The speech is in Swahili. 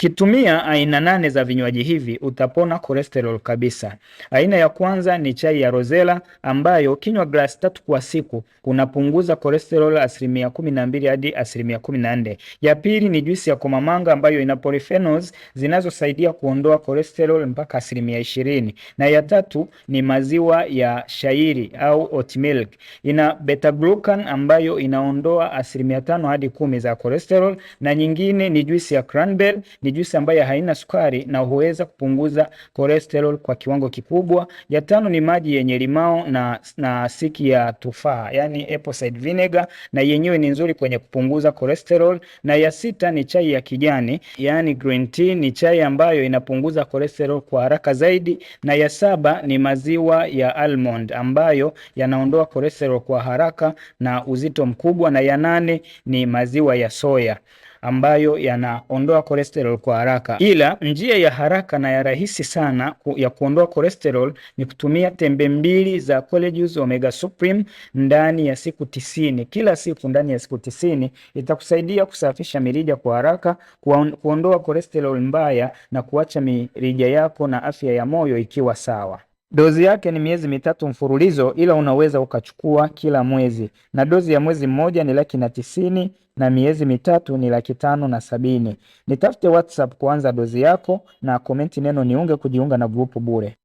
Kitumia aina nane za vinywaji hivi utapona cholesterol kabisa. Aina ya kwanza ni chai ya rozela ambayo kinywa glasi tatu kwa siku unapunguza cholesterol asilimia kumi na mbili hadi asilimia kumi na nne. Ya pili ni juisi ya komamanga ambayo ina polyphenols zinazosaidia kuondoa cholesterol mpaka asilimia ishirini, na ya tatu ni maziwa ya shayiri au oat milk. ina beta glucan ambayo inaondoa asilimia tano hadi kumi za cholesterol, na nyingine ni juisi ya cranberry ni juisi ambayo haina sukari na huweza kupunguza cholesterol kwa kiwango kikubwa. Ya tano ni maji yenye limao na, na siki ya tufaa yani apple cider vinegar, na yenyewe ni nzuri kwenye kupunguza cholesterol. Na ya sita ni chai ya kijani yani green tea, ni chai ambayo inapunguza cholesterol kwa haraka zaidi. Na ya saba ni maziwa ya almond ambayo yanaondoa cholesterol kwa haraka na uzito mkubwa. Na ya nane ni maziwa ya soya ambayo yanaondoa cholesterol kwa haraka, ila njia ya haraka na ya rahisi sana ya kuondoa cholesterol ni kutumia tembe mbili za Collagen Omega Supreme ndani ya siku tisini kila siku ndani ya siku tisini itakusaidia kusafisha mirija kwa haraka, kuondoa cholesterol mbaya na kuacha mirija yako na afya ya moyo ikiwa sawa. Dozi yake ni miezi mitatu mfululizo, ila unaweza ukachukua kila mwezi, na dozi ya mwezi mmoja ni laki na tisini na miezi mitatu ni laki tano na sabini. Nitafute WhatsApp kuanza dozi yako, na komenti neno niunge kujiunga na grupu bure.